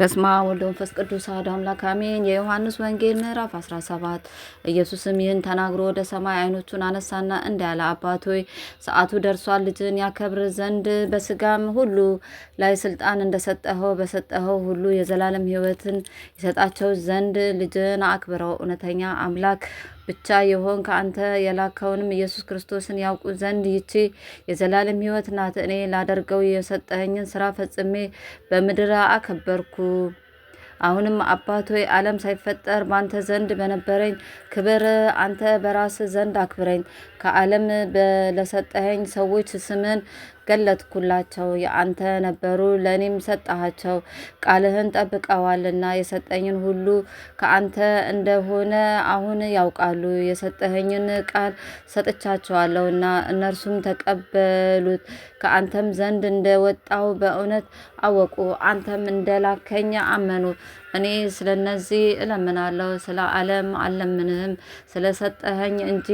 በስማ ወልደ መንፈስ ቅዱስ አሐዱ አምላክ አሜን። የዮሐንስ ወንጌል ምዕራፍ 17 ኢየሱስም ይህን ተናግሮ ወደ ሰማይ ዓይኖቹን አነሳና እንዳለ አባት ሆይ ሰዓቱ ደርሷል፣ ልጅን ያከብር ዘንድ በስጋም ሁሉ ላይ ስልጣን እንደሰጠኸው በሰጠኸው ሁሉ የዘላለም ሕይወትን ይሰጣቸው ዘንድ ልጅን አክብረው እውነተኛ አምላክ ብቻ የሆን ከአንተ የላከውንም ኢየሱስ ክርስቶስን ያውቁ ዘንድ ይቺ የዘላለም ሕይወት ናት። እኔ ላደርገው የሰጠኸኝን ስራ ፈጽሜ በምድር አከበርኩ። አሁንም አባት ሆይ ዓለም ሳይፈጠር በአንተ ዘንድ በነበረኝ ክብር አንተ በራስ ዘንድ አክብረኝ። ከዓለም ለሰጠኸኝ ሰዎች ስምን ገለጥኩላቸው። የአንተ ነበሩ፣ ለእኔም ሰጠሃቸው። ቃልህን ጠብቀዋልና የሰጠኝን ሁሉ ከአንተ እንደሆነ አሁን ያውቃሉ። የሰጠኸኝን ቃል ሰጥቻቸዋለሁና እነርሱም ተቀበሉት። ከአንተም ዘንድ እንደወጣው በእውነት አወቁ፣ አንተም እንደላከኝ አመኑ። እኔ ስለ እነዚህ እለምናለሁ፣ ስለ ዓለም አልለምንህም፣ ስለሰጠኸኝ እንጂ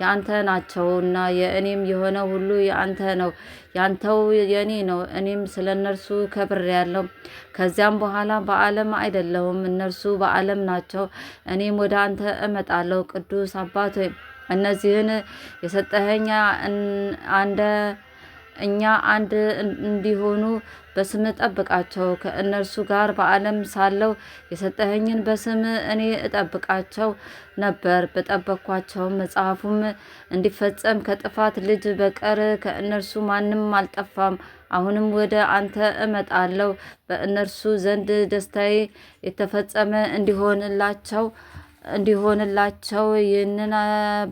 የአንተ ናቸውና የእኔም የሆነ ሁሉ የአንተ ነው፣ ያንተው የእኔ ነው። እኔም ስለ እነርሱ ያለው ከዚያም በኋላ በዓለም አይደለሁም፣ እነርሱ በዓለም ናቸው፣ እኔም ወደ አንተ እመጣለሁ። ቅዱስ አባት ወይም እነዚህን የሰጠኸኝ አንደ እኛ አንድ እንዲሆኑ በስም ጠብቃቸው። ከእነርሱ ጋር በዓለም ሳለው የሰጠኸኝን በስም እኔ እጠብቃቸው ነበር። በጠበቅኳቸውም መጽሐፉም እንዲፈጸም ከጥፋት ልጅ በቀር ከእነርሱ ማንም አልጠፋም። አሁንም ወደ አንተ እመጣለሁ፣ በእነርሱ ዘንድ ደስታዬ የተፈጸመ እንዲሆንላቸው እንዲሆንላቸው ይህንን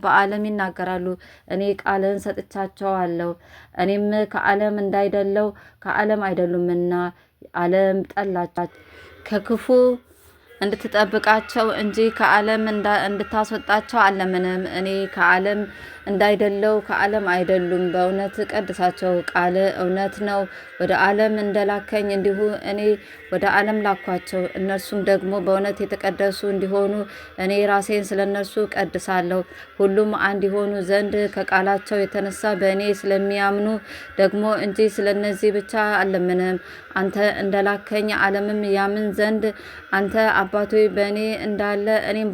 በዓለም ይናገራሉ። እኔ ቃልን ሰጥቻቸው አለው እኔም ከዓለም እንዳይደለው ከዓለም አይደሉምና ዓለም ጠላቻቸው። ከክፉ እንድትጠብቃቸው እንጂ ከዓለም እንድታስወጣቸው አለምንም። እኔ ከዓለም እንዳይደለው ከዓለም አይደሉም። በእውነት ቀድሳቸው። ቃል እውነት ነው። ወደ ዓለም እንደላከኝ እንዲሁ እኔ ወደ ዓለም ላኳቸው። እነርሱም ደግሞ በእውነት የተቀደሱ እንዲሆኑ እኔ ራሴን ስለ እነርሱ ቀድሳለሁ። ሁሉም አንድ የሆኑ ዘንድ ከቃላቸው የተነሳ በእኔ ስለሚያምኑ ደግሞ እንጂ ስለ እነዚህ ብቻ አለምንም። አንተ እንደላከኝ ዓለምም ያምን ዘንድ አንተ አባቶ በእኔ እንዳለ እኔም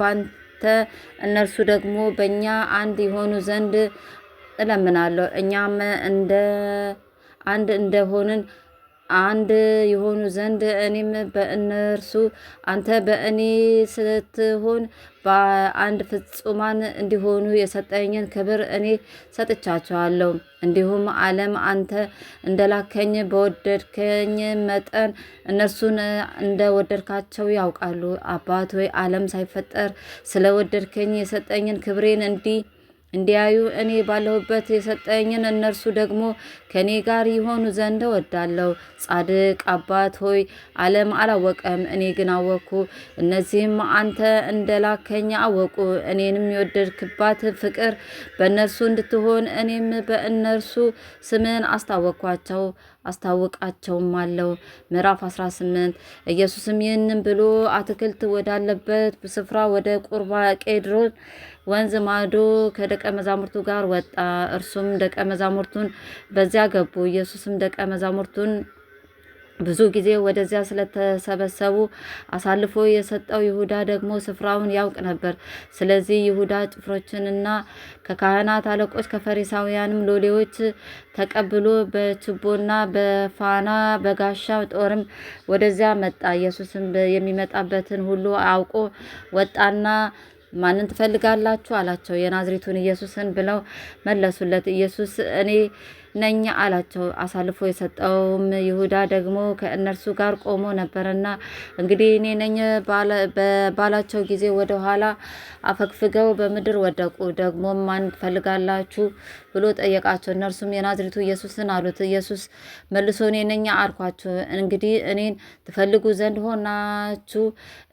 አንተ እነርሱ ደግሞ በእኛ አንድ የሆኑ ዘንድ እለምናለሁ እኛም እንደ አንድ እንደሆንን አንድ የሆኑ ዘንድ እኔም በእነርሱ አንተ በእኔ ስትሆን በአንድ ፍጹማን እንዲሆኑ የሰጠኝን ክብር እኔ ሰጥቻቸዋለሁ። እንዲሁም ዓለም አንተ እንደላከኝ በወደድከኝ መጠን እነርሱን እንደወደድካቸው ያውቃሉ። አባት ወይ ዓለም ሳይፈጠር ስለወደድከኝ የሰጠኝን ክብሬን እንዲህ እንዲያዩ እኔ ባለሁበት የሰጠኝን እነርሱ ደግሞ ከእኔ ጋር ይሆኑ ዘንድ እወዳለሁ። ጻድቅ አባት ሆይ ዓለም አላወቀም፣ እኔ ግን አወቅኩ። እነዚህም አንተ እንደላከኝ አወቁ። እኔንም የወደድክባት ፍቅር በእነርሱ እንድትሆን እኔም በእነርሱ ስምን አስታወቅኳቸው። አስታውቃቸውም አለው። ምዕራፍ 18 ኢየሱስም ይህንም ብሎ አትክልት ወዳለበት ስፍራ ወደ ቁርባ ቄድሮን ወንዝ ማዶ ከደቀ መዛሙርቱ ጋር ወጣ። እርሱም ደቀ መዛሙርቱን በዚያ ገቡ። ኢየሱስም ደቀ መዛሙርቱን ብዙ ጊዜ ወደዚያ ስለተሰበሰቡ አሳልፎ የሰጠው ይሁዳ ደግሞ ስፍራውን ያውቅ ነበር። ስለዚህ ይሁዳ ጭፍሮችንና ከካህናት አለቆች ከፈሪሳውያንም ሎሌዎች ተቀብሎ በችቦና በፋና በጋሻ ጦርም ወደዚያ መጣ። ኢየሱስም የሚመጣበትን ሁሉ አውቆ ወጣና ማንን ትፈልጋላችሁ አላቸው። የናዝሬቱን ኢየሱስን ብለው መለሱለት። ኢየሱስ እኔ ነኛ አላቸው። አሳልፎ የሰጠውም ይሁዳ ደግሞ ከእነርሱ ጋር ቆሞ ነበርና እንግዲህ እኔ ነኝ ባላቸው ጊዜ ወደ ኋላ አፈግፍገው በምድር ወደቁ። ደግሞ ማን ፈልጋላችሁ ብሎ ጠየቃቸው። እነርሱም የናዝሬቱ ኢየሱስን አሉት። ኢየሱስ መልሶ እኔ ነኝ አልኳችሁ። እንግዲህ እኔን ትፈልጉ ዘንድ ሆናችሁ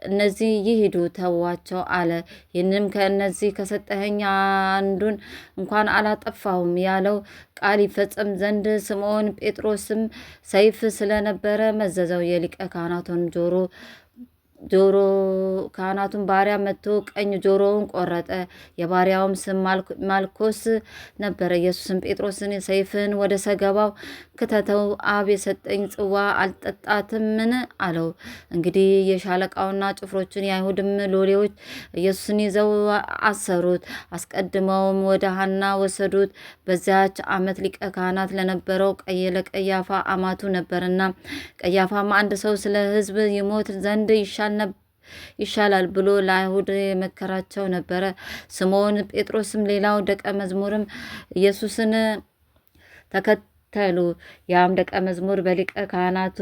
እነዚህ ይሂዱ ተዋቸው አለ። ይህንም ከእነዚህ ከሰጠኸኝ አንዱን እንኳን አላጠፋሁም ያለው ቃል ይፈጽ ይፈጽም ዘንድ ስምዖን ጴጥሮስም ሰይፍ ስለነበረ መዘዘው። የሊቀ ካህናቱን ጆሮ ጆሮ ካህናቱን ባሪያ መጥቶ ቀኝ ጆሮውን ቆረጠ። የባሪያውም ስም ማልኮስ ነበረ። ኢየሱስም ጴጥሮስን ሰይፍን ወደ ሰገባው ክተተው፣ አብ የሰጠኝ ጽዋ አልጠጣትምን አለው። እንግዲህ የሻለቃውና ጭፍሮችን የአይሁድም ሎሌዎች ኢየሱስን ይዘው አሰሩት። አስቀድመውም ወደ ሀና ወሰዱት። በዚያች ዓመት ሊቀ ካህናት ለነበረው ለቀያፋ አማቱ ነበርና፣ ቀያፋም አንድ ሰው ስለ ሕዝብ ይሞት ዘንድ ይሻል ይሻላል ብሎ ለአይሁድ የመከራቸው ነበረ። ስምዖን ጴጥሮስም ሌላው ደቀ መዝሙርም ኢየሱስን ተከተሉ። ያም ደቀ መዝሙር በሊቀ ካህናቱ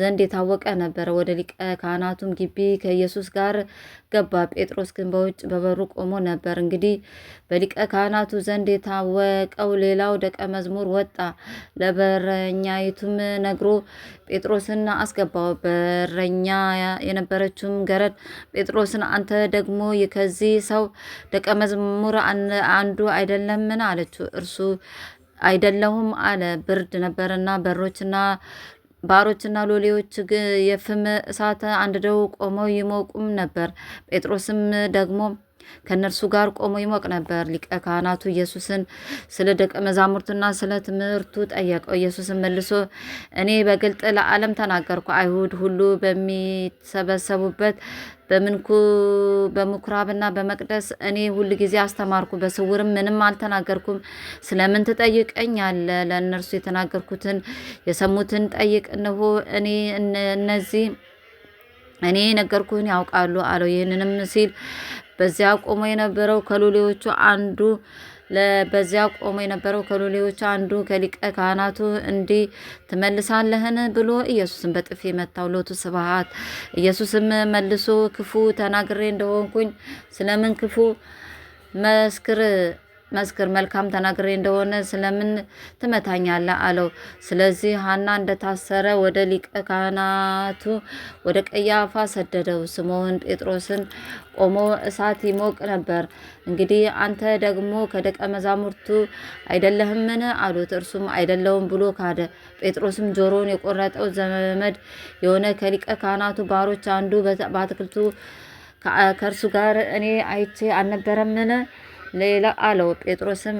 ዘንድ የታወቀ ነበር ወደ ሊቀ ካህናቱም ግቢ ከኢየሱስ ጋር ገባ። ጴጥሮስ ግን በውጭ በበሩ ቆሞ ነበር። እንግዲህ በሊቀ ካህናቱ ዘንድ የታወቀው ሌላው ደቀ መዝሙር ወጣ፣ ለበረኛይቱም ነግሮ ጴጥሮስን አስገባው። በረኛ የነበረችውም ገረድ ጴጥሮስን አንተ ደግሞ ከዚህ ሰው ደቀ መዝሙር አንዱ አይደለምን? አለችው። እርሱ አይደለሁም አለ። ብርድ ነበርና በሮችና ባሮችና ሎሌዎች የፍም እሳት አንድደው ቆመው ይሞቁም ነበር። ጴጥሮስም ደግሞ ከእነርሱ ጋር ቆሞ ይሞቅ ነበር። ሊቀ ካህናቱ ኢየሱስን ስለ ደቀ መዛሙርቱና ስለ ትምህርቱ ጠየቀው። ኢየሱስን መልሶ እኔ በግልጥ ለዓለም ተናገርኩ። አይሁድ ሁሉ በሚሰበሰቡበት በምንኩ በምኩራብና በመቅደስ እኔ ሁል ጊዜ አስተማርኩ፣ በስውርም ምንም አልተናገርኩም። ስለምን አለ። ለእነርሱ የተናገርኩትን የሰሙትን ጠይቅ። እነሆ እኔ እነዚህ እኔ የነገርኩህን ያውቃሉ አለው። ይህንንም ሲል በዚያ ቆሞ የነበረው ከሎሌዎቹ አንዱ በዚያ ቆሞ የነበረው ከሎሌዎች አንዱ ከሊቀ ካህናቱ እንዲህ ትመልሳለህን ብሎ ኢየሱስን በጥፊ መታው። ሎቱ ስብሐት። ኢየሱስም መልሶ ክፉ ተናግሬ እንደሆንኩኝ ስለምን ክፉ መስክር መስክር፣ መልካም ተናግሬ እንደሆነ ስለምን ትመታኛለህ? አለው። ስለዚህ ሀና እንደታሰረ ወደ ሊቀ ካህናቱ ወደ ቀያፋ ሰደደው። ስምዖን ጴጥሮስን ቆሞ እሳት ይሞቅ ነበር። እንግዲህ አንተ ደግሞ ከደቀ መዛሙርቱ አይደለህምን? አሉት። እርሱም አይደለውም ብሎ ካደ። ጴጥሮስም ጆሮውን የቆረጠው ዘመድ የሆነ ከሊቀ ካህናቱ ባሮች አንዱ በአትክልቱ ከእርሱ ጋር እኔ አይቼ አልነበረምን? ሌላ አለው። ጴጥሮስም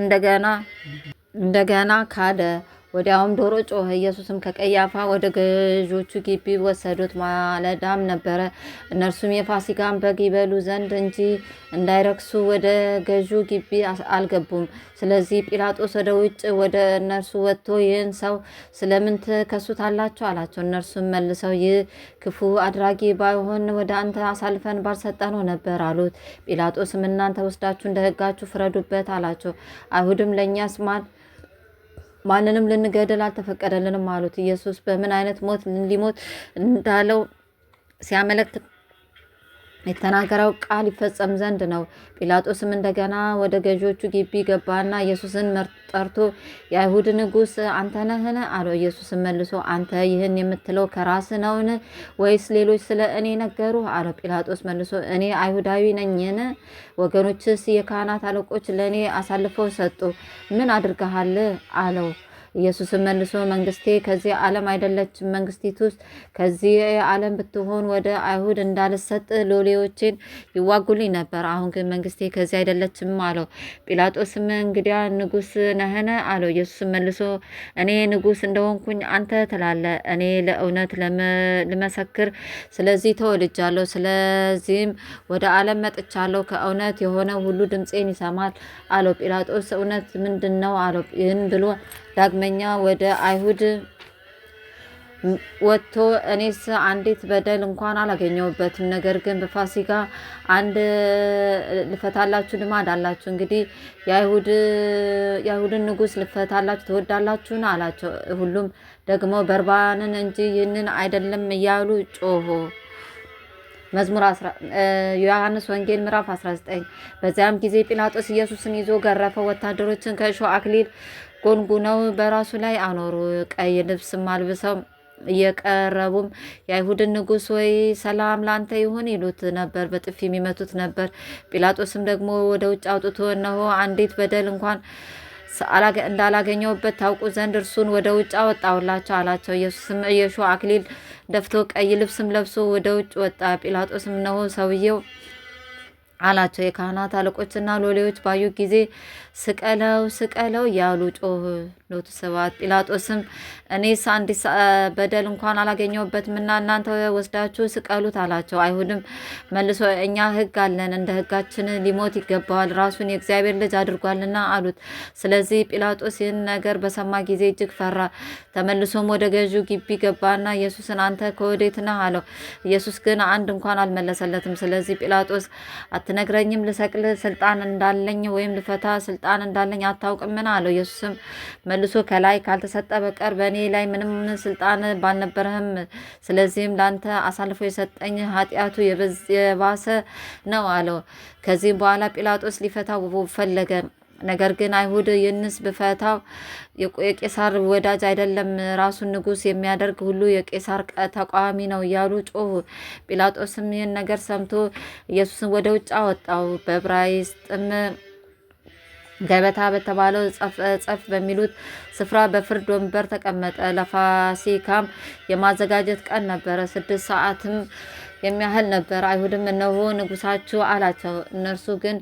እንደገና እንደገና ካደ። ወዲያውም ዶሮ ጮኸ። ኢየሱስም ከቀያፋ ወደ ገዦቹ ግቢ ወሰዱት። ማለዳም ነበረ። እነርሱም የፋሲካን በግ ይበሉ ዘንድ እንጂ እንዳይረክሱ ወደ ገዡ ግቢ አልገቡም። ስለዚህ ጲላጦስ ወደ ውጭ ወደ እነርሱ ወጥቶ ይህን ሰው ስለምን ትከሱታላችሁ? አላቸው። እነርሱም መልሰው ይህ ክፉ አድራጊ ባይሆን ወደ አንተ አሳልፈን ባልሰጠነው ነበር አሉት። ጲላጦስም እናንተ ወስዳችሁ እንደ ሕጋችሁ ፍረዱበት አላቸው። አይሁድም ለእኛስ ማን ማንንም ልንገደል አልተፈቀደልንም አሉት። ኢየሱስ በምን አይነት ሞት ሊሞት እንዳለው ሲያመለክት የተናገረው ቃል ይፈጸም ዘንድ ነው። ጲላጦስም እንደገና ወደ ገዢዎቹ ግቢ ገባና ኢየሱስን መርጠርቶ የአይሁድ ንጉሥ አንተ ነህን? አለው። ኢየሱስም መልሶ አንተ ይህን የምትለው ከራስ ነውን? ወይስ ሌሎች ስለ እኔ ነገሩ? አለው። ጲላጦስ መልሶ እኔ አይሁዳዊ ነኝን? ወገኖችስ የካህናት አለቆች ለእኔ አሳልፈው ሰጡ። ምን አድርገሃል? አለው። ኢየሱስም መልሶ መንግስቴ ከዚህ ዓለም አይደለችም። መንግስቲቱ ከዚህ ዓለም ብትሆን ወደ አይሁድ እንዳልሰጥ ሎሌዎችን ይዋጉልኝ ነበር። አሁን ግን መንግስቴ ከዚህ አይደለችም አለው። ጲላጦስም እንግዲያ ንጉስ ነህን አለው። ኢየሱስም መልሶ እኔ ንጉስ እንደሆንኩኝ አንተ ትላለ እኔ ለእውነት ልመሰክር ስለዚህ ተወልጃለሁ፣ ስለዚህም ወደ ዓለም መጥቻለሁ። ከእውነት የሆነ ሁሉ ድምፄን ይሰማል አለው። ጲላጦስ እውነት ምንድን ነው አለው። ይህን ብሎ ዳግመኛ ወደ አይሁድ ወጥቶ እኔስ አንዲት በደል እንኳን አላገኘሁበትም፣ ነገር ግን በፋሲካ አንድ ልፈታላችሁ ልማድ አላችሁ። እንግዲህ የአይሁድን ንጉሥ ልፈታላችሁ ትወዳላችሁን? አላቸው። ሁሉም ደግሞ በርባንን እንጂ ይህንን አይደለም እያሉ ጮሆ መዝሙር ዮሐንስ ወንጌል ምዕራፍ 19 በዚያም ጊዜ ጲላጦስ ኢየሱስን ይዞ ገረፈው። ወታደሮችን ከእሾህ አክሊል ጎንጉነው በራሱ ላይ አኖሩ። ቀይ ልብስም አልብሰው እየቀረቡም የአይሁድን ንጉሥ ወይ ሰላም ላንተ ይሁን ይሉት ነበር፣ በጥፊ የሚመቱት ነበር። ጲላጦስም ደግሞ ወደ ውጭ አውጥቶ እነሆ አንዲት በደል እንኳን እንዳላገኘውበት ታውቁ ዘንድ እርሱን ወደ ውጭ አወጣውላቸው አላቸው። ኢየሱስም እየሾ አክሊል ደፍቶ ቀይ ልብስም ለብሶ ወደ ውጭ ወጣ። ጲላጦስም እነሆ ሰውየው አላቸው። የካህናት አለቆችና ሎሌዎች ባዩ ጊዜ ስቀለው ስቀለው ያሉ ጮህ ሎቱ ሰባት ጲላጦስም እኔስ አንዲት በደል እንኳን ምና እናንተ ወስዳችሁ ስቀሉት አላቸው። አይሁድም መልሶ እኛ ሕግ አለን እንደ ሕጋችን ሊሞት ይገባዋል ራሱን የእግዚአብሔር ልጅ አድርጓልና አሉት። ስለዚህ ጲላጦስ ይህን ነገር በሰማ ጊዜ እጅግ ፈራ። ተመልሶም ወደ ገዢው ግቢ ገባና ኢየሱስን አንተ ከወዴት ነህ አለው። ኢየሱስ ግን አንድ እንኳን አልመለሰለትም። ስለዚህ ጲላጦስ አትነግረኝም? ልሰቅል ስልጣን እንዳለኝ ወይም ልፈታ ስልጣን እንዳለኝ አታውቅምን? አለው። ኢየሱስም መልሶ ከላይ ካልተሰጠ በቀር በእኔ ላይ ምንም ስልጣን ባልነበረህም፣ ስለዚህም ለአንተ አሳልፎ የሰጠኝ ኃጢአቱ የባሰ ነው አለው። ከዚህም በኋላ ጲላጦስ ሊፈታ ፈለገ። ነገር ግን አይሁድ ይህንስ ብፈታው የቄሳር ወዳጅ አይደለም፣ ራሱን ንጉስ የሚያደርግ ሁሉ የቄሳር ተቃዋሚ ነው እያሉ ጮሁ። ጲላጦስም ይህን ነገር ሰምቶ ኢየሱስን ወደ ውጭ አወጣው። በዕብራይስጥም ገበታ በተባለው ጸፍ በሚሉት ስፍራ በፍርድ ወንበር ተቀመጠ። ለፋሲካም የማዘጋጀት ቀን ነበረ። ስድስት ሰዓትም የሚያህል ነበር። አይሁድም እነሆ ንጉሳችሁ አላቸው። እነርሱ ግን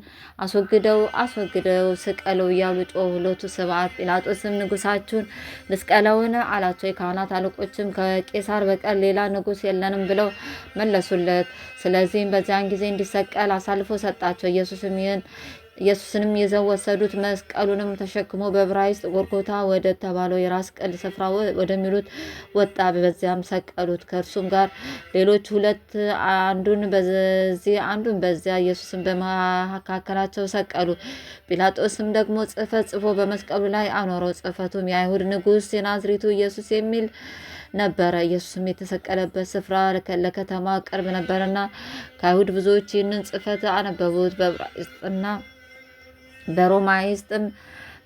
አስወግደው አስወግደው ስቀለው እያሉ ጮኹ። ሁለቱ ስብዓት። ጲላጦስም ንጉሳችሁን ልስቀለውን አላቸው። የካህናት አለቆችም ከቄሳር በቀር ሌላ ንጉስ የለንም ብለው መለሱለት። ስለዚህም በዚያን ጊዜ እንዲሰቀል አሳልፎ ሰጣቸው። ኢየሱስንም ይዘው ወሰዱት። መስቀሉንም ተሸክሞ በዕብራይስጥ ጎልጎታ ወደ ተባለው የራስ ቅል ስፍራ ወደሚሉት ወጣ። በዚያም ሰቀሉት። ከእርሱም ጋር ሌሎች ሁለት፣ አንዱን በዚህ አንዱን በዚያ፣ ኢየሱስን በመካከላቸው ሰቀሉ። ጲላጦስም ደግሞ ጽሕፈት ጽፎ በመስቀሉ ላይ አኖረው። ጽሕፈቱም የአይሁድ ንጉሥ የናዝሪቱ ኢየሱስ የሚል ነበረ። ኢየሱስም የተሰቀለበት ስፍራ ለከተማ ቅርብ ነበረና ከአይሁድ ብዙዎች ይህንን ጽሕፈት አነበቡት በዕብራይስጥና በሮማይስጥም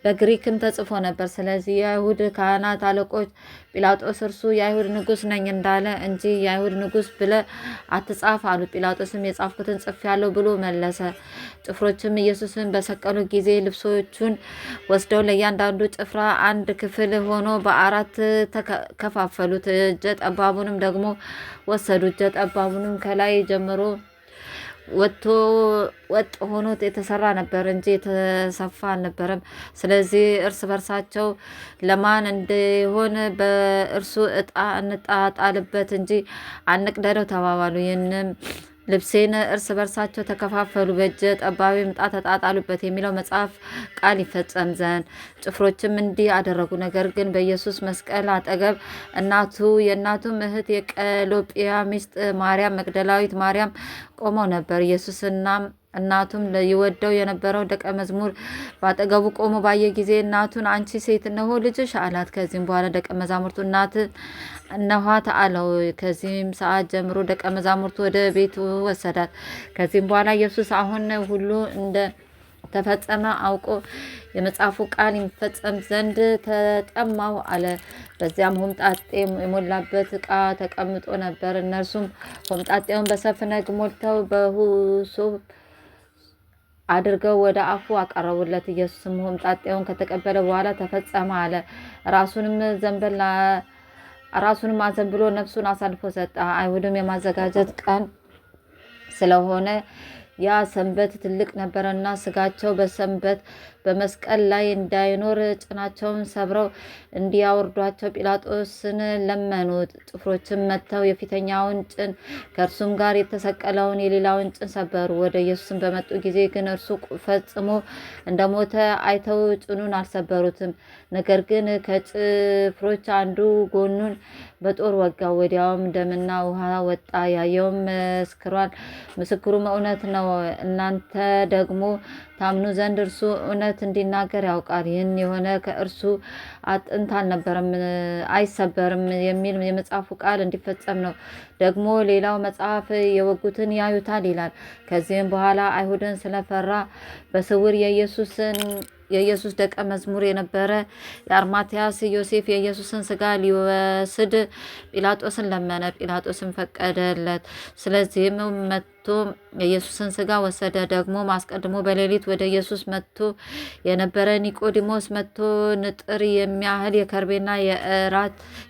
በግሪክም ተጽፎ ነበር። ስለዚህ የአይሁድ ካህናት አለቆች ጲላጦስ እርሱ የአይሁድ ንጉስ ነኝ እንዳለ እንጂ የአይሁድ ንጉስ ብለ አትጻፍ አሉ። ጲላጦስም የጻፍኩትን ያለው ብሎ መለሰ። ጭፍሮችም ኢየሱስን በሰቀሉ ጊዜ ልብሶቹን ወስደው ለእያንዳንዱ ጭፍራ አንድ ክፍል ሆኖ በአራት ተከፋፈሉት እጀ ጠባቡንም ደግሞ ወሰዱ። እጀ ጠባቡንም ከላይ ጀምሮ ወጥቶ ወጥ ሆኖ የተሰራ ነበር እንጂ የተሰፋ አልነበረም። ስለዚህ እርስ በርሳቸው ለማን እንደሆን በእርሱ እጣ እንጣጣልበት እንጂ አንቅደደው ተባባሉ። ይህንም ልብሴን እርስ በርሳቸው ተከፋፈሉ፣ በእጀ ጠባቢ ምጣ ተጣጣሉበት የሚለው መጽሐፍ ቃል ይፈጸም ዘንድ ጭፍሮችም እንዲህ አደረጉ። ነገር ግን በኢየሱስ መስቀል አጠገብ እናቱ የእናቱም እህት የቀሎጵያ ሚስት ማርያም፣ መግደላዊት ማርያም ቆመው ነበር። ኢየሱስና እናቱም ይወደው የነበረው ደቀ መዝሙር በአጠገቡ ቆሞ ባየ ጊዜ እናቱን አንቺ ሴት እነሆ ልጅሽ አላት። ከዚህም በኋላ ደቀ መዛሙርቱ እናት እነኋት አለው። ከዚህም ሰዓት ጀምሮ ደቀ መዛሙርቱ ወደ ቤቱ ወሰዳት። ከዚህም በኋላ ኢየሱስ አሁን ሁሉ እንደ ተፈጸመ አውቆ የመጽሐፉ ቃል የሚፈጸም ዘንድ ተጠማሁ አለ። በዚያም ሆምጣጤ የሞላበት ዕቃ ተቀምጦ ነበር። እነርሱም ሆምጣጤውን በሰፍነግ ሞልተው በሁሶብ አድርገው ወደ አፉ አቀረቡለት። ኢየሱስም ሆምጣጤውን ከተቀበለ በኋላ ተፈጸመ አለ። ራሱንም ዘንበል ራሱንም አዘንብሎ ነፍሱን አሳልፎ ሰጠ። አይሁድም የማዘጋጀት ቀን ስለሆነ ያ ሰንበት ትልቅ ነበረና ስጋቸው በሰንበት በመስቀል ላይ እንዳይኖር ጭናቸውን ሰብረው እንዲያወርዷቸው ጲላጦስን ለመኑት። ጭፍሮችን መጥተው የፊተኛውን ጭን ከእርሱም ጋር የተሰቀለውን የሌላውን ጭን ሰበሩ። ወደ ኢየሱስን በመጡ ጊዜ ግን እርሱ ፈጽሞ እንደሞተ አይተው ጭኑን አልሰበሩትም። ነገር ግን ከጭፍሮች አንዱ ጎኑን በጦር ወጋው። ወዲያውም ደምና ውሃ ወጣ። ያየውም መስክሯል፣ ምስክሩም እውነት ነው። እናንተ ደግሞ ታምኑ ዘንድ እርሱ እውነት እንዲናገር ያውቃል። ይህን የሆነ ከእርሱ አጥንት አልነበረም፣ አይሰበርም የሚል የመጽሐፉ ቃል እንዲፈጸም ነው። ደግሞ ሌላው መጽሐፍ የወጉትን ያዩታል ይላል። ከዚህም በኋላ አይሁድን ስለፈራ በስውር የኢየሱስን የኢየሱስ ደቀ መዝሙር የነበረ የአርማትያስ ዮሴፍ የኢየሱስን ስጋ ሊወስድ ጲላጦስን ለመነ። ጲላጦስን ፈቀደለት። ስለዚህም መጥቶ የኢየሱስን ስጋ ወሰደ። ደግሞ አስቀድሞ በሌሊት ወደ ኢየሱስ መጥቶ የነበረ ኒቆዲሞስ መጥቶ ንጥር የሚያህል የከርቤና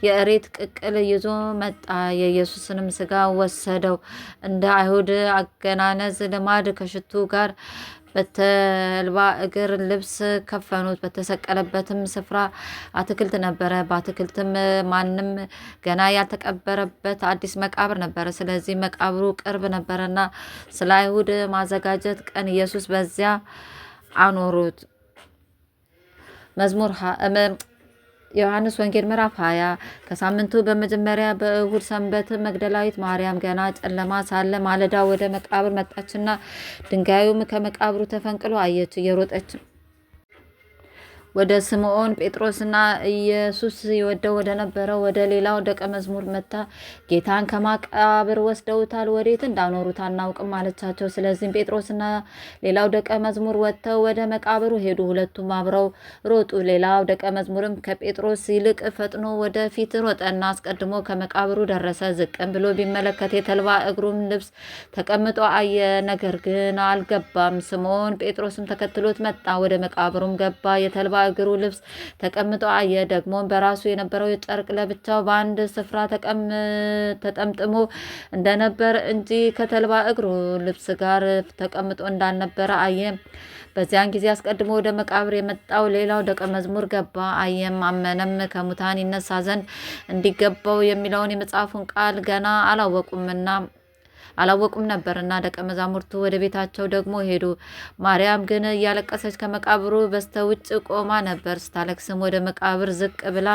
የእሬት ቅቅል ይዞ መጣ። የኢየሱስንም ስጋ ወሰደው። እንደ አይሁድ አገናነዝ ልማድ ከሽቱ ጋር በተልባ እግር ልብስ ከፈኑት። በተሰቀለበትም ስፍራ አትክልት ነበረ። በአትክልትም ማንም ገና ያልተቀበረበት አዲስ መቃብር ነበረ። ስለዚህ መቃብሩ ቅርብ ነበረና ስለ አይሁድ ማዘጋጀት ቀን ኢየሱስ በዚያ አኖሩት። መዝሙር ዮሐንስ ወንጌል ምዕራፍ 20 ከሳምንቱ በመጀመሪያ በእሁድ ሰንበት መግደላዊት ማርያም ገና ጨለማ ሳለ ማለዳ ወደ መቃብር መጣችና ድንጋዩም ከመቃብሩ ተፈንቅሎ አየች። እየሮጠች ወደ ስምዖን ጴጥሮስና ኢየሱስ ይወደው ወደ ነበረው ወደ ሌላው ደቀ መዝሙር መታ። ጌታን ከማቃብር ወስደውታል፣ ወዴት እንዳኖሩት አናውቅም አለቻቸው። ስለዚህም ጴጥሮስና ሌላው ደቀ መዝሙር ወጥተው ወደ መቃብሩ ሄዱ። ሁለቱም አብረው ሮጡ። ሌላው ደቀ መዝሙርም ከጴጥሮስ ይልቅ ፈጥኖ ወደፊት ሮጠና አስቀድሞ ከመቃብሩ ደረሰ። ዝቅም ብሎ ቢመለከት የተልባ እግሩም ልብስ ተቀምጦ አየ፣ ነገር ግን አልገባም። ስምዖን ጴጥሮስም ተከትሎት መጣ፣ ወደ መቃብሩም ገባ። የተልባ እግሩ ልብስ ተቀምጦ አየ። ደግሞም በራሱ የነበረው ጨርቅ ለብቻው በአንድ ስፍራ ተጠምጥሞ እንደነበር እንጂ ከተልባ እግሩ ልብስ ጋር ተቀምጦ እንዳልነበረ አየ። በዚያን ጊዜ አስቀድሞ ወደ መቃብር የመጣው ሌላው ደቀ መዝሙር ገባ፣ አየም፣ አመነም። ከሙታን ይነሳ ዘንድ እንዲገባው የሚለውን የመጽሐፉን ቃል ገና አላወቁምና አላወቁም ነበር እና ደቀ መዛሙርቱ ወደ ቤታቸው ደግሞ ሄዱ። ማርያም ግን እያለቀሰች ከመቃብሩ በስተውጭ ቆማ ነበር። ስታለቅስም ወደ መቃብር ዝቅ ብላ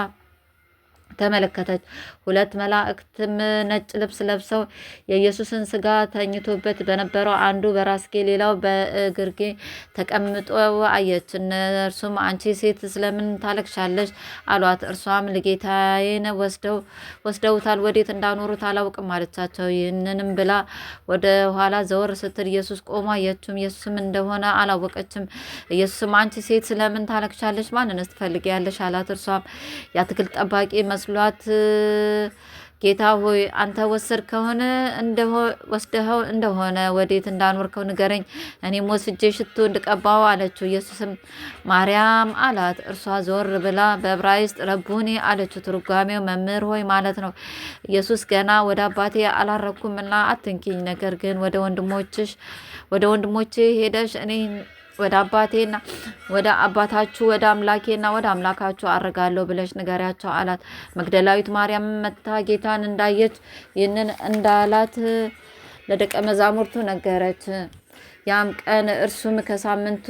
ተመለከተች። ሁለት መላእክትም ነጭ ልብስ ለብሰው የኢየሱስን ስጋ ተኝቶበት በነበረው አንዱ በራስጌ ሌላው በእግርጌ ተቀምጦ አየች። እነርሱም አንቺ ሴት ስለምን ታለቅሻለች? አሏት። እርሷም ልጌታዬን ወስደውታል፣ ወዴት እንዳኖሩት አላውቅም አለቻቸው። ይህንንም ብላ ወደ ኋላ ዘወር ስትል ኢየሱስ ቆሞ አየችም፣ ኢየሱስም እንደሆነ አላወቀችም። ኢየሱስም አንቺ ሴት ስለምን ታለቅሻለሽ? ማንንስ ትፈልጊያለሽ? አላት። እርሷም የአትክልት ጠባቂ መስሏት ጌታ ሆይ አንተ ወሰድከውን ወስደኸው እንደሆነ ወዴት እንዳኖርከው ንገረኝ፣ እኔም ወስጄ ሽቱ እንድቀባው አለችው። ኢየሱስም ማርያም አላት። እርሷ ዞር ብላ በዕብራይስጥ ረቡኒ አለችው። ትርጓሜው መምህር ሆይ ማለት ነው። ኢየሱስ ገና ወደ አባቴ አላረኩም እና አትንኪኝ፣ ነገር ግን ወደ ወንድሞችሽ ወደ ወንድሞች ሄደሽ እኔ ወደ አባቴና ወደ አባታችሁ ወደ አምላኬና ወደ አምላካችሁ አርጋለሁ ብለሽ ንገሪያቸው አላት። መግደላዊት ማርያም መታ ጌታን እንዳየች ይህንን እንዳላት ለደቀ መዛሙርቱ ነገረች። ያም ቀን እርሱም ከሳምንቱ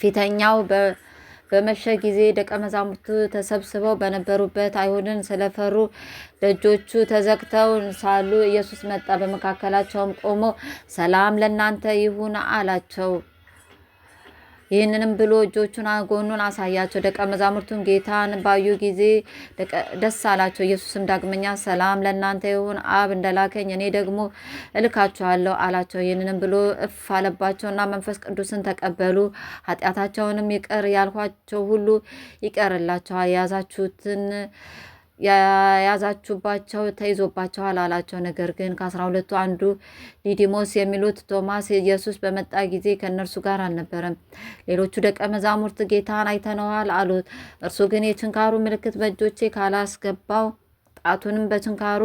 ፊተኛው በመሸ ጊዜ ደቀ መዛሙርቱ ተሰብስበው በነበሩበት አይሁድን ስለፈሩ ደጆቹ ተዘግተው ሳሉ ኢየሱስ መጣ፣ በመካከላቸውም ቆሞ ሰላም ለእናንተ ይሁን አላቸው። ይህንንም ብሎ እጆቹን ጎኑን አሳያቸው። ደቀ መዛሙርቱን ጌታን ባዩ ጊዜ ደስ አላቸው። ኢየሱስም ዳግመኛ ሰላም ለእናንተ ይሁን፣ አብ እንደላከኝ እኔ ደግሞ እልካችኋለሁ አላቸው። ይህንንም ብሎ እፍ አለባቸውና መንፈስ ቅዱስን ተቀበሉ። ኃጢአታቸውንም ይቅር ያልኋቸው ሁሉ ይቀርላቸዋል። የያዛችሁትን የያዛችሁባቸው ተይዞባቸዋል አላቸው። ነገር ግን ከአስራ ሁለቱ አንዱ ዲዲሞስ የሚሉት ቶማስ ኢየሱስ በመጣ ጊዜ ከእነርሱ ጋር አልነበረም። ሌሎቹ ደቀ መዛሙርት ጌታን አይተነዋል አሉት። እርሱ ግን የችንካሩ ምልክት በእጆቼ ካላስገባው ጣቱንም በችንካሩ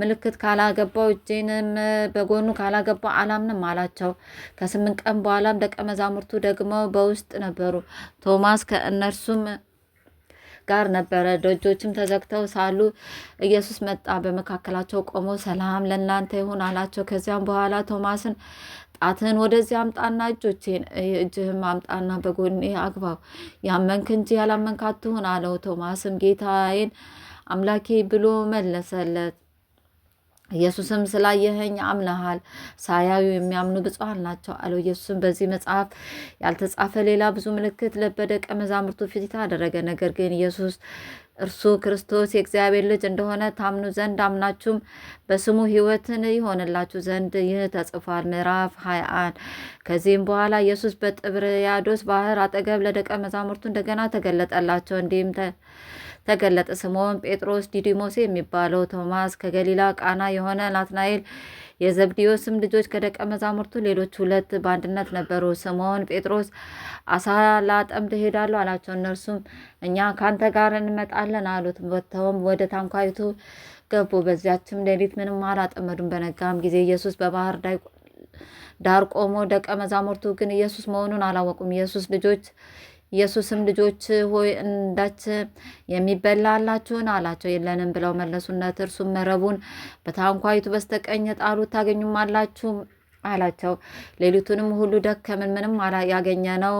ምልክት ካላገባው እጄንም በጎኑ ካላገባው አላምንም አላቸው። ከስምንት ቀን በኋላም ደቀ መዛሙርቱ ደግሞ በውስጥ ነበሩ። ቶማስ ከእነርሱም ጋር ነበረ። ደጆችም ተዘግተው ሳሉ ኢየሱስ መጣ፣ በመካከላቸው ቆሞ ሰላም ለእናንተ ይሁን አላቸው። ከዚያም በኋላ ቶማስን ጣትህን ወደዚህ አምጣና እጆቼን እጅህም አምጣና በጎኔ አግባው፣ ያመንክ እንጂ ያላመንክ አትሁን አለው። ቶማስም ጌታዬን አምላኬ ብሎ መለሰለት። ኢየሱስም ስላየኸኝ አምነሃል፣ ሳያዩ የሚያምኑ ብፁዓን ናቸው አለው። ኢየሱስም በዚህ መጽሐፍ ያልተጻፈ ሌላ ብዙ ምልክት በደቀ መዛሙርቱ ፊት አደረገ። ነገር ግን ኢየሱስ እርሱ ክርስቶስ የእግዚአብሔር ልጅ እንደሆነ ታምኑ ዘንድ አምናችሁም በስሙ ሕይወትን ይሆንላችሁ ዘንድ ይህ ተጽፏል። ምዕራፍ ሃያ ከዚህም በኋላ ኢየሱስ በጥብርያዶስ ባህር አጠገብ ለደቀ መዛሙርቱ እንደገና ተገለጠላቸው እንዲህም ተገለጠ። ስምዖን ጴጥሮስ፣ ዲዲሞስ የሚባለው ቶማስ፣ ከገሊላ ቃና የሆነ ናትናኤል፣ የዘብዲዮስም ልጆች ከደቀ መዛሙርቱ ሌሎች ሁለት በአንድነት ነበሩ። ስምዖን ጴጥሮስ አሳ ላጠምድ እሄዳለሁ አላቸው። እነርሱም እኛ ከአንተ ጋር እንመጣለን አሉት። ወጥተውም ወደ ታንኳይቱ ገቡ። በዚያችም ሌሊት ምንም አላጠመዱም። በነጋም ጊዜ ኢየሱስ በባህር ዳር ቆሞ፣ ደቀ መዛሙርቱ ግን ኢየሱስ መሆኑን አላወቁም። ኢየሱስ ልጆች ኢየሱስም ልጆች ሆይ እንዳች የሚበላ አላችሁን አላቸው። የለንም ብለው መለሱነት። እርሱም መረቡን በታንኳይቱ በስተቀኝ ጣሉት ታገኙማላችሁ አላቸው። ሌሊቱንም ሁሉ ደከምን፣ ምንም ያገኘነው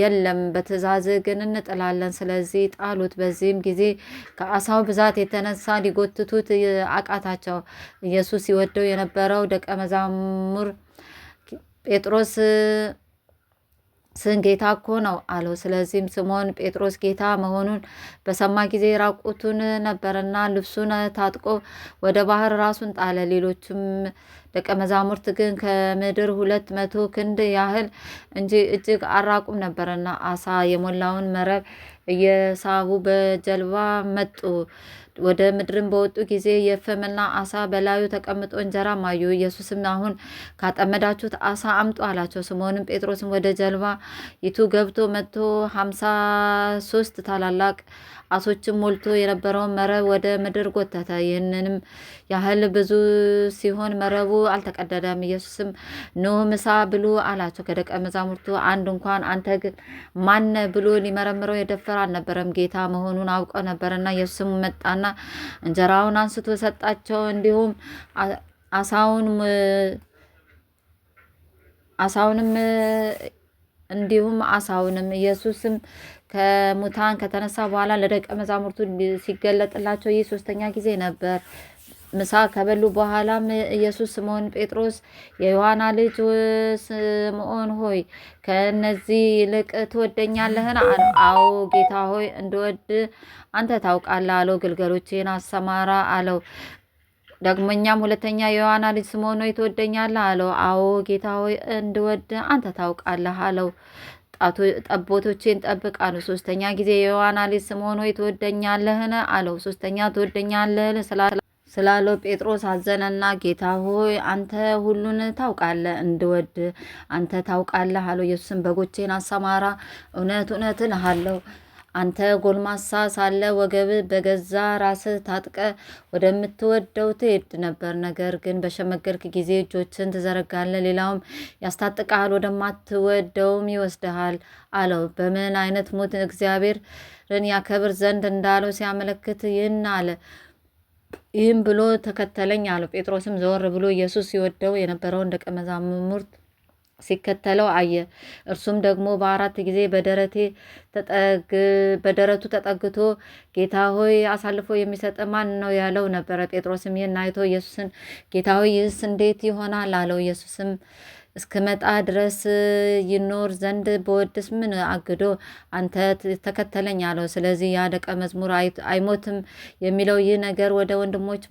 የለም። በትእዛዝ ግን እንጥላለን። ስለዚህ ጣሉት። በዚህም ጊዜ ከአሳው ብዛት የተነሳ ሊጎትቱት አቃታቸው። ኢየሱስ ይወደው የነበረው ደቀ መዛሙር ጴጥሮስ ስን ጌታ እኮ ነው አለው። ስለዚህም ስምዖን ጴጥሮስ ጌታ መሆኑን በሰማ ጊዜ ራቁቱን ነበርና ልብሱን ታጥቆ ወደ ባህር ራሱን ጣለ። ሌሎችም ደቀ መዛሙርት ግን ከምድር ሁለት መቶ ክንድ ያህል እንጂ እጅግ አራቁም ነበርና አሳ የሞላውን መረብ እየሳቡ በጀልባ መጡ። ወደ ምድርም በወጡ ጊዜ የፈምና አሳ በላዩ ተቀምጦ እንጀራ ማዩ። ኢየሱስም አሁን ካጠመዳችሁት አሳ አምጡ አላቸው። ስምዖንም ጴጥሮስም ወደ ጀልባ ይቱ ገብቶ መጥቶ ሀምሳ ሶስት ታላላቅ አሶችም ሞልቶ የነበረውን መረብ ወደ ምድር ጎተተ። ይህንንም ያህል ብዙ ሲሆን መረቡ አልተቀደደም። ኢየሱስም ኖህ ምሳ ብሉ አላቸው። ከደቀ መዛሙርቱ አንድ እንኳን አንተ ግን ማነ ብሎ ሊመረምረው የደፈረ አልነበረም፣ ጌታ መሆኑን አውቀው ነበርና። ኢየሱስም መጣና እንጀራና እንጀራውን አንስቶ ሰጣቸው። እንዲሁም አሳውን አሳውንም እንዲሁም አሳውንም ኢየሱስም ከሙታን ከተነሳ በኋላ ለደቀ መዛሙርቱ ሲገለጥላቸው ይህ ሶስተኛ ጊዜ ነበር። ምሳ ከበሉ በኋላም ኢየሱስ ስምዖን ጴጥሮስ የዮሐና ልጅ ስምዖን ሆይ ከእነዚህ ይልቅ ትወደኛለህን? አዎ ጌታ ሆይ እንድወድ አንተ ታውቃለህ አለው። ግልገሎቼን አሰማራ አለው። ዳግመኛም ሁለተኛ የዮሐና ልጅ ስምዖን ሆይ ትወደኛለህ አለው። አዎ ጌታ ሆይ እንድወድ አንተ ታውቃለህ አለው። ጠቦቶቼን ጠብቃሉ። ሶስተኛ ጊዜ የዮሐና ልጅ ስምዖን ሆይ ትወደኛለህን? አለው። ሶስተኛ ትወደኛለህን ስላ ስላለው ጴጥሮስ አዘነና፣ ጌታ ሆይ አንተ ሁሉን ታውቃለህ፣ እንድወድ አንተ ታውቃለህ አለው። ኢየሱስም በጎቼን አሰማራ፣ እውነት እውነት እልሃለሁ አንተ ጎልማሳ ሳለ ወገብ በገዛ ራስ ታጥቀ ወደምትወደው ትሄድ ነበር። ነገር ግን በሸመገልክ ጊዜ እጆችን ትዘረጋለ ሌላውም ያስታጥቃል ወደማትወደውም ይወስድሃል አለው። በምን አይነት ሞት እግዚአብሔርን ያከብር ዘንድ እንዳለው ሲያመለክት ይህን አለ። ይህም ብሎ ተከተለኝ አለው። ጴጥሮስም ዘወር ብሎ ኢየሱስ ሲወደው የነበረውን ደቀ መዛሙርት ሲከተለው አየ። እርሱም ደግሞ በአራት ጊዜ በደረቴ በደረቱ ተጠግቶ ጌታ ሆይ አሳልፎ የሚሰጥ ማን ነው ያለው ነበረ። ጴጥሮስም ይህን አይቶ ኢየሱስን ጌታ ሆይ ይህስ እንዴት ይሆናል አለው። ኢየሱስም እስክመጣ ድረስ ይኖር ዘንድ በወድስ ምን አግዶ አንተ ተከተለኝ አለው። ስለዚህ ያ ደቀ መዝሙር አይሞትም የሚለው ይህ ነገር ወደ ወንድሞች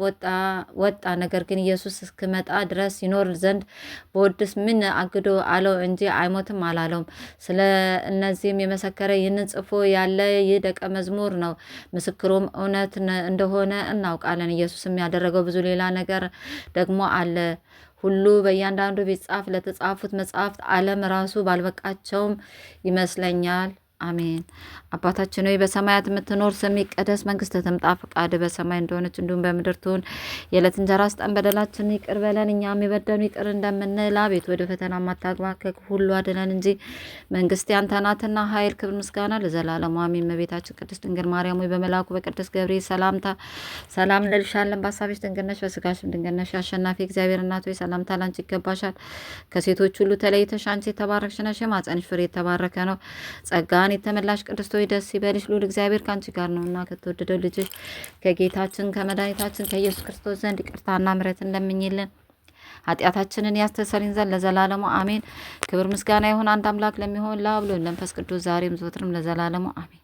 ወጣ። ነገር ግን ኢየሱስ እስክመጣ ድረስ ይኖር ዘንድ በወድስ ምን አግዶ አለው እንጂ አይሞትም አላለውም። ስለ እነዚህም የመሰከረ ይህንን ጽፎ ያለ ይህ ደቀ መዝሙር ነው። ምስክሩም እውነት እንደሆነ እናውቃለን። ኢየሱስም ያደረገው ብዙ ሌላ ነገር ደግሞ አለ። ሁሉ በእያንዳንዱ ቢጻፍ ለተጻፉት መጽሐፍት ዓለም ራሱ ባልበቃቸውም ይመስለኛል። አሜን። አባታችን ሆይ በሰማያት የምትኖር ስምህ ይቀደስ፣ መንግስት ትምጣ፣ ፈቃድህ በሰማይ እንደሆነች እንዲሁም በምድር ትሁን። የዕለት እንጀራችንን ስጠን፣ በደላችንን ይቅር በለን እኛ የበደሉንን ይቅር እንደምንል፣ አቤት ወደ ፈተና ማታግባ፣ ከክፉ ሁሉ አድነን እንጂ መንግስት ያንተ ናትና፣ ኃይል፣ ክብር፣ ምስጋና ለዘላለሙ አሜን። መቤታችን ቅድስት ድንግል ማርያም ሆይ በመላኩ በቅዱስ ገብርኤል ሰላምታ ሰላም እንልሻለን። በሐሳብሽ ድንግል ነሽ፣ በስጋሽም ድንግል ነሽ። አሸናፊ እግዚአብሔር እናት ሆይ ሰላምታ ላንቺ ይገባሻል። ከሴቶች ሁሉ ተለይተሽ አንቺ የተባረክሽ ነሽ፣ የማኅፀንሽ ፍሬ የተባረከ ነው። ጸጋ መድኃኒት የተመላሽ ቅድስት ሆይ ደስ ይበልሽ፣ ልዑል እግዚአብሔር ከአንቺ ጋር ነውና ከተወደደው ልጅሽ ከጌታችን ከመድኃኒታችን ከኢየሱስ ክርስቶስ ዘንድ ይቅርታና ምሕረትን ለምኝልን ኃጢአታችንን ያስተሰሪን ዘንድ ለዘላለሙ አሜን። ክብር ምስጋና ይሁን አንድ አምላክ ለሚሆን ለአብ ለወልድ ለመንፈስ ቅዱስ ዛሬም ዘወትርም ለዘላለሙ አሜን።